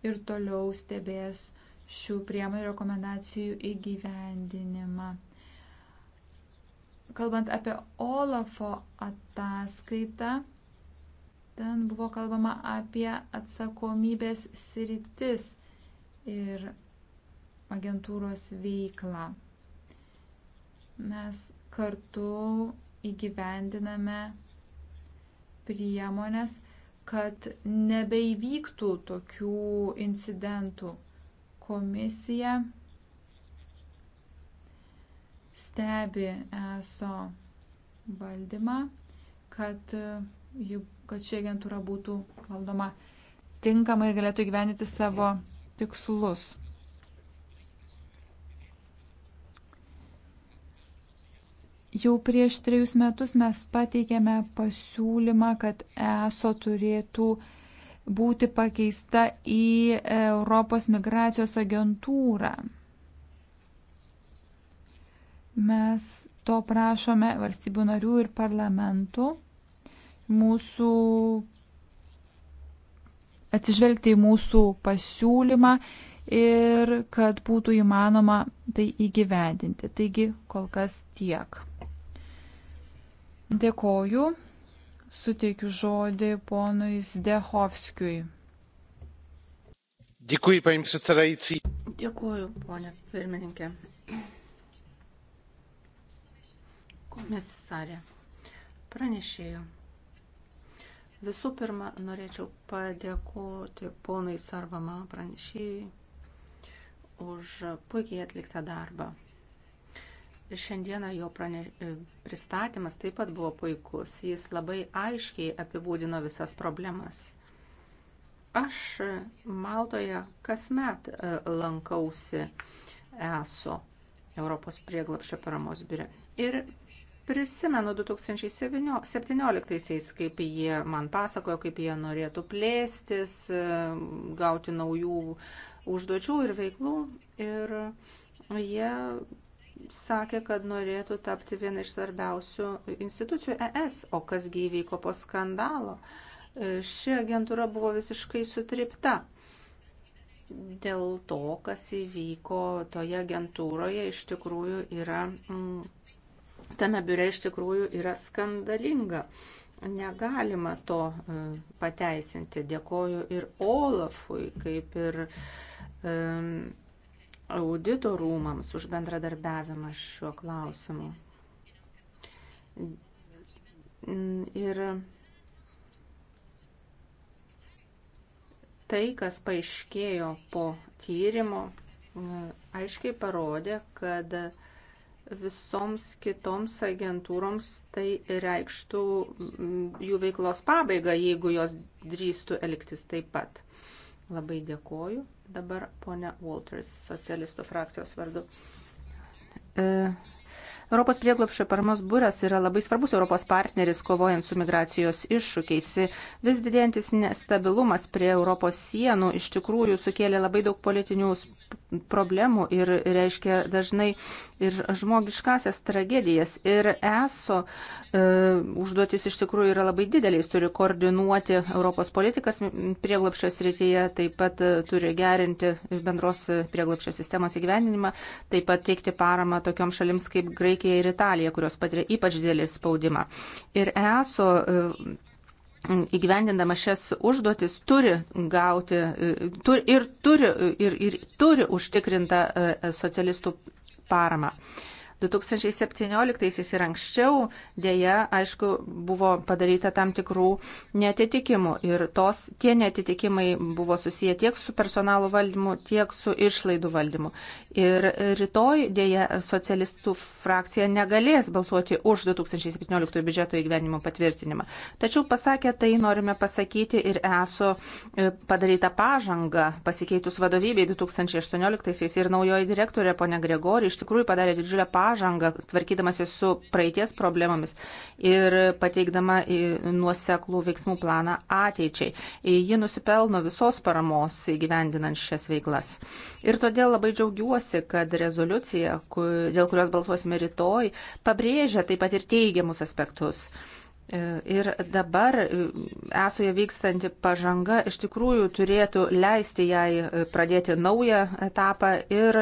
ir toliau stebės šių priemonių rekomendacijų įgyvendinimą. Kalbant apie Olafo ataskaitą, ten buvo kalbama apie atsakomybės sritis ir agentūros veiklą. Mes kartu įgyvendiname priemonės, kad nebeivyktų tokių incidentų. Komisija stebi ESO valdymą, kad, kad ši agentūra būtų valdoma tinkamai ir galėtų gyveninti savo tikslus. Jau prieš trejus metus mes pateikėme pasiūlymą, kad ESO turėtų būti pakeista į Europos migracijos agentūrą. Mes to prašome valstybių narių ir parlamentų. Mūsų atsižvelgti į mūsų pasiūlymą ir kad būtų įmanoma tai įgyvendinti. Taigi kol kas tiek. Dėkoju. Suteikiu žodį ponui Zdechovskijui. Dėkui, paim předsedající. Dėkuoju, ponė pirmininkė. Komisarė, pranešėjau. Visų pirma, norėčiau padėkoti ponui Sarvama pranešėjai už puikiai atliktą darbą. Šiandieną jo prane, e, pristatymas taip pat buvo puikus. Jis labai aiškiai apibūdino visas problemas. Aš Maltoje kasmet e, lankausi ESO, Europos prieglapščio paramos biure. Ir prisimenu 2017-aisiais, kaip jie man pasakojo, kaip jie norėtų plėstis, e, gauti naujų užduočių ir veiklų. Ir jie sakė, kad norėtų tapti viena iš svarbiausių institucijų ES. O kas gyvyko po skandalo? E, ši agentūra buvo visiškai sutripta dėl to, kas įvyko toje agentūroje, iš tikrųjų yra, mm, tame biure iš tikrųjų yra skandalinga. Negalima to e, pateisinti. Dėkoju ir Olafui, kaip ir um, audito rūmams už bendradarbiavimą šiuo klausimu. Ir tai, kas paaiškėjo po tyrimo, aiškiai parodė, kad visoms kitoms agentūroms tai reikštų jų veiklos pabaigą, jeigu jos drįstų elgtis taip pat. Labai dėkoju. Dabar ponia Walters, socialistų frakcijos vardu. E, Europos prieglopščio paramos biuras yra labai svarbus Europos partneris kovojant su migracijos iššūkiais. Vis didėjantis nestabilumas prie Europos sienų iš tikrųjų sukėlė labai daug politinių problemų ir reiškia dažnai ir žmogiškasias tragedijas. Ir ESO e, užduotis iš tikrųjų yra labai didelė. Jis turi koordinuoti Europos politikas prieglapščio srityje, taip pat e, turi gerinti bendros prieglapščio sistemos įgyveninimą, taip pat teikti paramą tokiom šalims kaip Graikija ir Italija, kurios patiria ypač didelį spaudimą. Ir ESO e, įgyvendindama šias užduotis turi gauti tur, ir, turi, ir, ir turi užtikrintą e, socialistų paramą. 2017 ir anksčiau dėja, aišku, buvo padaryta tam tikrų netitikimų ir tos, tie netitikimai buvo susiję tiek su personalų valdymu, tiek su išlaidų valdymu. Ir rytoj dėja socialistų frakcija negalės balsuoti už 2017 biudžeto įgyvenimo patvirtinimą. Tačiau pasakė tai norime pasakyti ir ESO e, padarytą pažangą pasikeitus vadovybei 2018 ir naujoji direktorė ponia Gregori iš tikrųjų padarė didžiulę pažangą pažangą, tvarkydamasi su praeities problemomis ir pateikdama nuoseklų veiksmų planą ateičiai. Ji nusipelno visos paramos įgyvendinant šias veiklas. Ir todėl labai džiaugiuosi, kad rezoliucija, dėl kurios balsuosime rytoj, pabrėžia taip pat ir teigiamus aspektus. E, ir dabar e, esoje vykstanti pažanga iš tikrųjų turėtų leisti jai e, pradėti naują etapą ir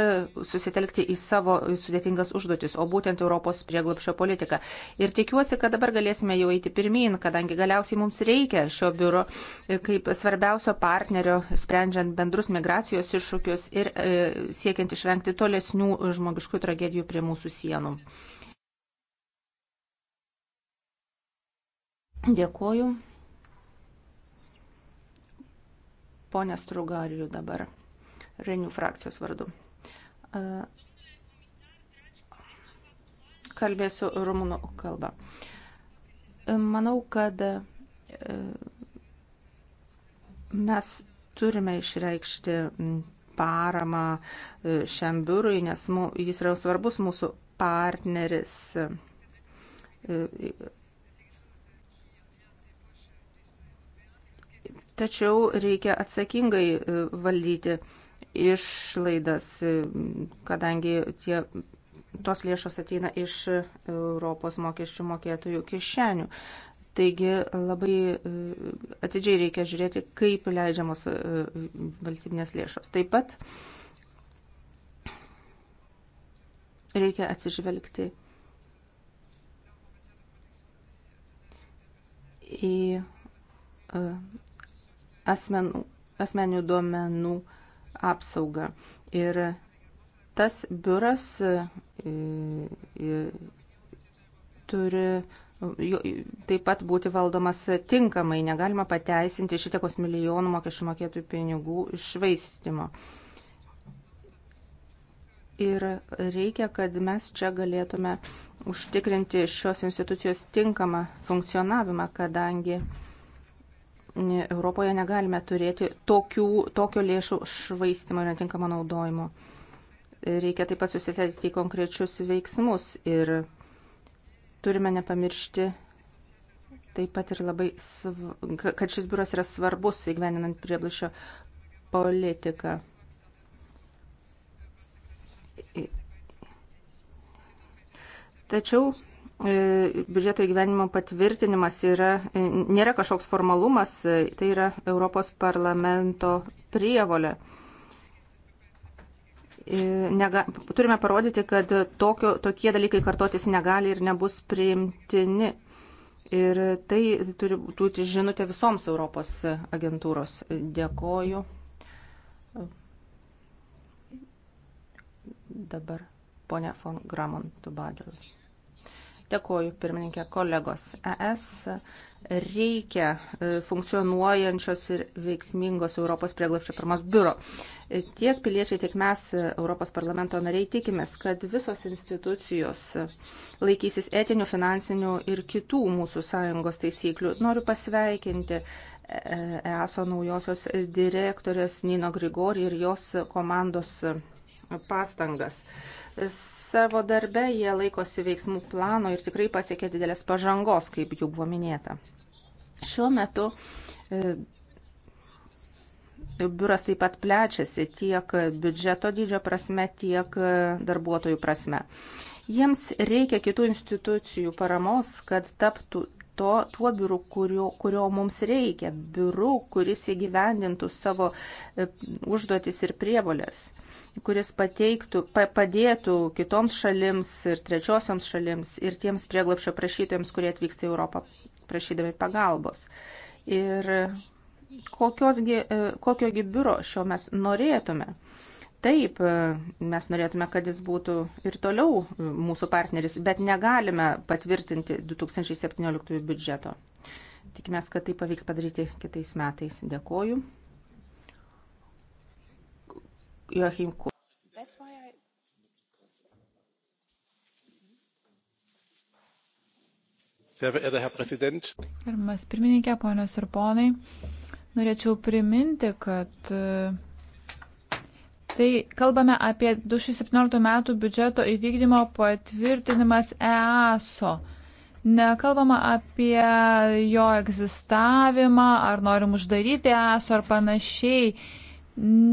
susitelkti į savo sudėtingas užduotis, o būtent Europos prieglapšio politiką. Ir tikiuosi, kad dabar galėsime jau eiti pirmin, kadangi galiausiai mums reikia šio biuro kaip svarbiausio partnerio, sprendžiant bendrus migracijos iššūkius ir siekiant išvengti tolesnių žmogiškų tragedijų prie mūsų sienų. Dėkoju. Pone Strugarijų dabar Renių frakcijos vardu. Kalbėsiu rumunų kalbą. Manau, kad e, mes turime išreikšti paramą e, šiam biurui, nes jis yra svarbus mūsų partneris e, tačiau reikia atsakingai e, valdyti išlaidas, e, kadangi tie, tos lėšos ateina iš Europos mokesčių mokėtojų kišenių. Taigi labai e, atidžiai reikia žiūrėti, kaip leidžiamos valstybinės lėšos. Taip pat reikia atsižvelgti į asmenų, asmenių duomenų apsaugą. Ir tas biuras e, e, turi taip pat būti valdomas tinkamai. Negalima pateisinti šitiekos milijonų mokesčių mokėtojų pinigų išvaistimo. Ir reikia, kad mes čia galėtume užtikrinti šios institucijos tinkamą funkcionavimą, kadangi uh, Europoje negalime turėti tokių, tokio lėšų švaistimo ir netinkamo naudojimo. Reikia taip pat susitelkti į konkrečius veiksmus ir turime nepamiršti taip pat ir labai, sv... kad šis biuras yra svarbus įgyveninant prieblušio politiką. Tačiau E, biudžeto įgyvenimo patvirtinimas yra, e, nėra kažkoks formalumas, e, tai yra Europos parlamento prievolė. Nega, turime parodyti, kad tokio, tokie dalykai kartotis negali ir nebus priimtini. Ir tai turi būti žinutė visoms Europos agentūros. Dėkoju. Dabar ponia von Gramont Tubadel. Dėkoju, pirmininkė, kolegos. ES reikia e, funkcionuojančios ir veiksmingos Europos prieglapščio pirmos biuro. E, tiek piliečiai, tiek mes, e, Europos parlamento nariai, tikimės, kad visos institucijos laikysis etinių, finansinių ir kitų mūsų sąjungos taisyklių. Noriu pasveikinti ESO naujosios direktorės Nino Grigori ir jos komandos pastangas savo darbe, jie laikosi veiksmų plano ir tikrai pasiekė didelės pažangos, kaip jau buvo minėta. Šiuo metu e, biuras taip pat plečiasi tiek biudžeto dydžio prasme, tiek e, darbuotojų prasme. Jiems reikia kitų institucijų paramos, kad taptų to, tuo biuru, kurio, kurio mums reikia, biuru, kuris įgyvendintų savo e, užduotis ir prievolės, kuris pateiktų, pa, padėtų kitoms šalims ir trečiosioms šalims ir tiems prieglapšio prašytojams, kurie atvyksta į Europą prašydami pagalbos. Ir kokiosgi, e, kokiogi biuro šio mes norėtume. Taip, mes norėtume, kad jis būtų ir toliau mūsų partneris, bet negalime patvirtinti 2017 biudžeto. Tikimės, kad tai pavyks padaryti kitais metais. Dėkoju. Joachim Kuh. Gerbiamas pirmininkė, ponios ir ponai, norėčiau priminti, kad Tai kalbame apie 2017 metų biudžeto įvykdymo patvirtinimas EASO. Nekalbama apie jo egzistavimą, ar norim uždaryti EASO ar panašiai.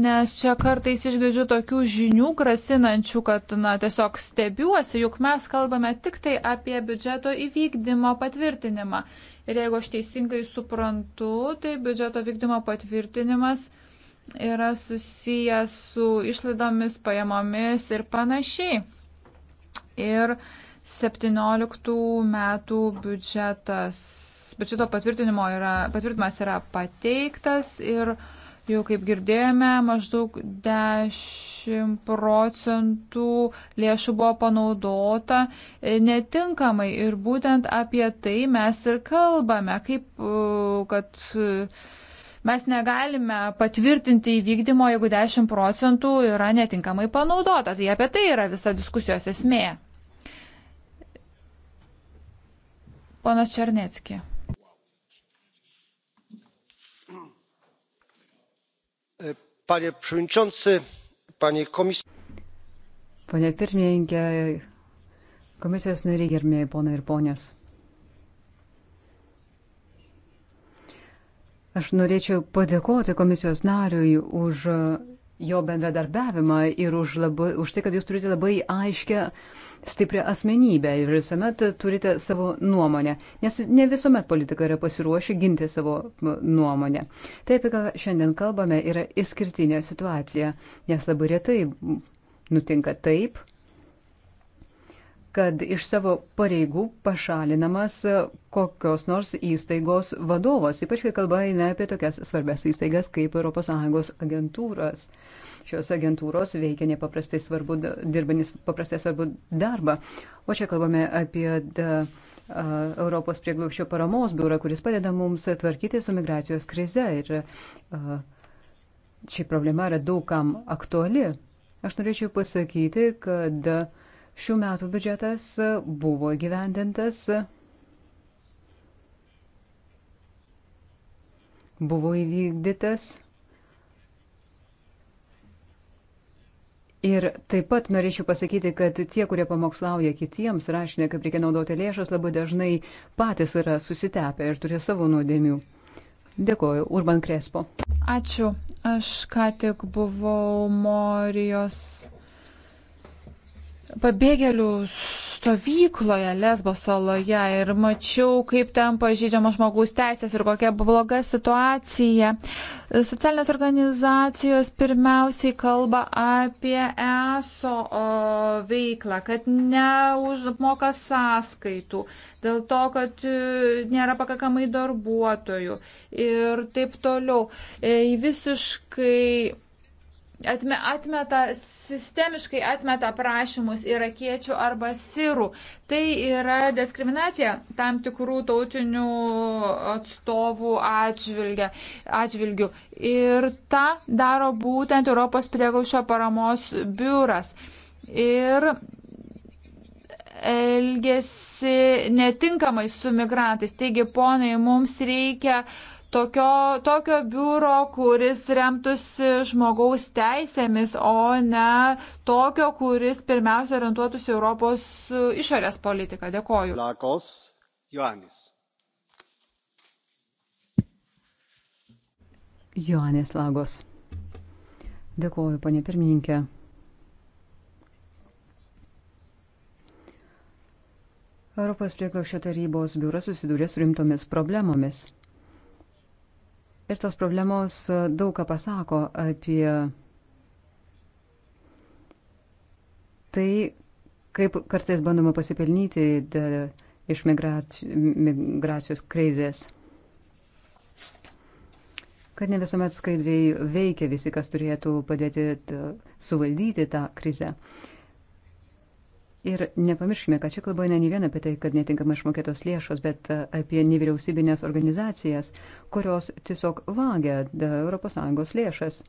Nes čia kartais išgirdžiu tokių žinių grasinančių, kad, na, tiesiog stebiuosi, juk mes kalbame tik tai apie biudžeto įvykdymo patvirtinimą. Ir jeigu aš teisingai suprantu, tai biudžeto vykdymo patvirtinimas yra susijęs su išlaidomis, pajamomis ir panašiai. Ir 17 metų biudžetas, biudžeto patvirtinimo yra, patvirtinimas yra pateiktas ir jau kaip girdėjome, maždaug 10 procentų lėšų buvo panaudota netinkamai ir būtent apie tai mes ir kalbame, kaip kad uh, Mes negalime patvirtinti įvykdymo, jeigu 10 procentų yra netinkamai panaudota. Tai apie tai yra visa diskusijos esmė. Ponas Černecki. Panie przewodniczący, panie komisarzu. Pone pirmininkė, komisijos nariai gerbėjai ponai ir ponios. Aš norėčiau padėkoti komisijos nariui už jo bendradarbiavimą ir už, labai, už tai, kad jūs turite labai aiškę, stiprią asmenybę ir visuomet turite savo nuomonę, nes ne visuomet politika yra pasiruošę ginti savo nuomonę. Tai, apie ką šiandien kalbame, yra išskirtinė situacija, nes labai retai nutinka taip, kad iš savo pareigų pašalinamas kokios nors įstaigos vadovas, ypač kai kalba eina apie tokias svarbias įstaigas kaip ES agentūras. Šios agentūros veikia nepaprastai svarbu, dirbanis paprastai svarbu darbą. O čia kalbame apie da, Europos prieglobščio paramos biurą, kuris padeda mums tvarkyti su migracijos krize. Ir ši problema yra daug kam aktuali. Aš norėčiau pasakyti, kad uh, Šių metų biudžetas buvo įgyvendintas, buvo įvykdytas. Ir taip pat norėčiau pasakyti, kad tie, kurie pamokslauja kitiems, rašinė, kaip reikia naudoti lėšas, labai dažnai patys yra susitepę ir turi savo nuodėmių. Dėkoju, Urban Krespo. Ačiū. Aš ką tik buvau Morijos pabėgėlių stovykloje Lesbo saloje ir mačiau, kaip ten pažydžiamos žmogaus teisės ir kokia bloga situacija. Socialinės organizacijos pirmiausiai kalba apie ESO veiklą, kad neužmoka sąskaitų, dėl to, kad e, nėra pakankamai darbuotojų ir taip toliau. E, visiškai atme, atmeta, sistemiškai atmeta prašymus irakiečių arba sirų. Tai yra diskriminacija tam tikrų tautinių atstovų atžvilgių. Ir tą daro būtent Europos priegaušio paramos biuras. Ir elgesi netinkamai su migrantais. Taigi, ponai, mums reikia uh, tokio, tokio biuro, kuris remtųsi žmogaus teisėmis, o ne tokio, kuris pirmiausia orientuotųsi Europos e, išorės politiką. Dėkoju. Lakos, Joanis. Joanės Lagos. Dėkoju, ponė pirmininkė. Europos prieglaušio tarybos biuras susidūrė su rimtomis problemomis. Ir tos problemos e, daug ką pasako apie tai, kaip kartais bandoma pasipelnyti iš migraci migracijos krizės. Kad ne visuomet skaidriai veikia visi, kas turėtų padėti e, suvaldyti tą krizę. Uh, Ir nepamirškime, kad čia kalba eina ne vien apie tai, kad netinkamai išmokėtos lėšos, bet e, apie nevyriausybinės organizacijas, kurios tiesiog vagia ES lėšas.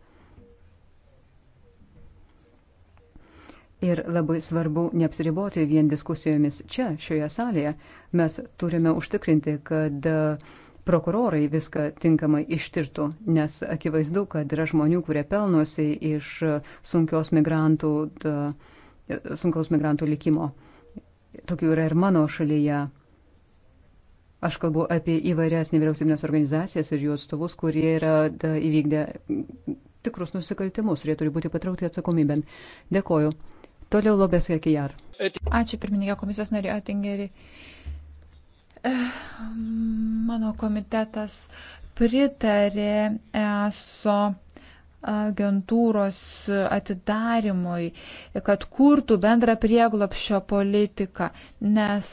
Ir labai svarbu neapsiriboti vien diskusijomis čia, šioje salėje. Mes turime užtikrinti, kad e, prokurorai viską tinkamai ištirtų, nes akivaizdu, kad yra žmonių, kurie pelnosi iš sunkios migrantų. Da, sunkaus migrantų likimo. Tokių yra ir mano šalyje. Aš kalbu apie įvairias nevyriausybinės organizacijas ir jų atstovus, kurie yra da, įvykdę tikrus nusikaltimus ir jie turi būti patraukti atsakomybėn. Dėkoju. Toliau Lobės Kekijar. Ačiū pirmininkė komisijos narė Atingeri. Mano komitetas pritarė ESO agentūros atidarimui, kad kurtų bendrą prieglopšio politiką, nes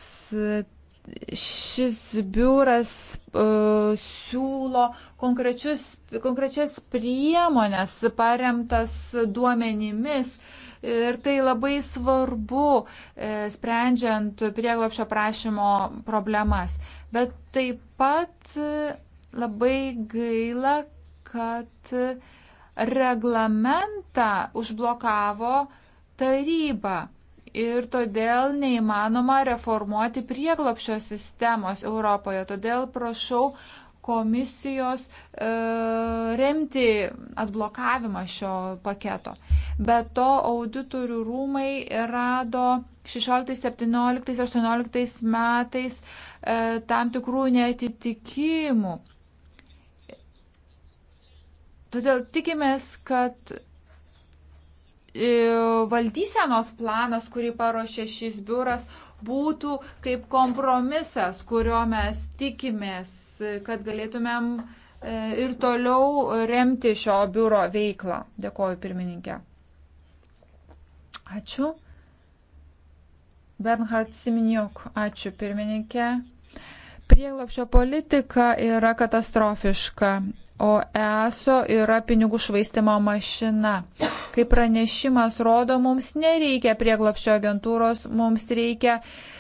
šis biuras uh, siūlo konkrečias priemonės paremtas duomenimis. Ir tai labai svarbu, e, sprendžiant prieglopšio prašymo problemas. Bet taip pat e, labai gaila, kad e, reglamentą užblokavo taryba ir todėl neįmanoma reformuoti prieglopšio sistemos Europoje. Todėl prašau komisijos e, remti atblokavimą šio paketo. Be to, auditorių rūmai rado 16, 17, 18 metais e, tam tikrų netitikimų Todėl tikimės, kad e, valdysenos planas, kurį paruošė šis biuras, būtų kaip kompromisas, kurio mes tikimės, kad galėtumėm e, ir toliau remti šio biuro veiklą. Dėkoju pirmininkė. Ačiū. Bernhard Siminiuk, ačiū pirmininkė prieglopšio politika yra katastrofiška o ESO yra pinigų švaistimo mašina. Kaip pranešimas rodo, mums nereikia prieglapščio agentūros, mums reikia uh,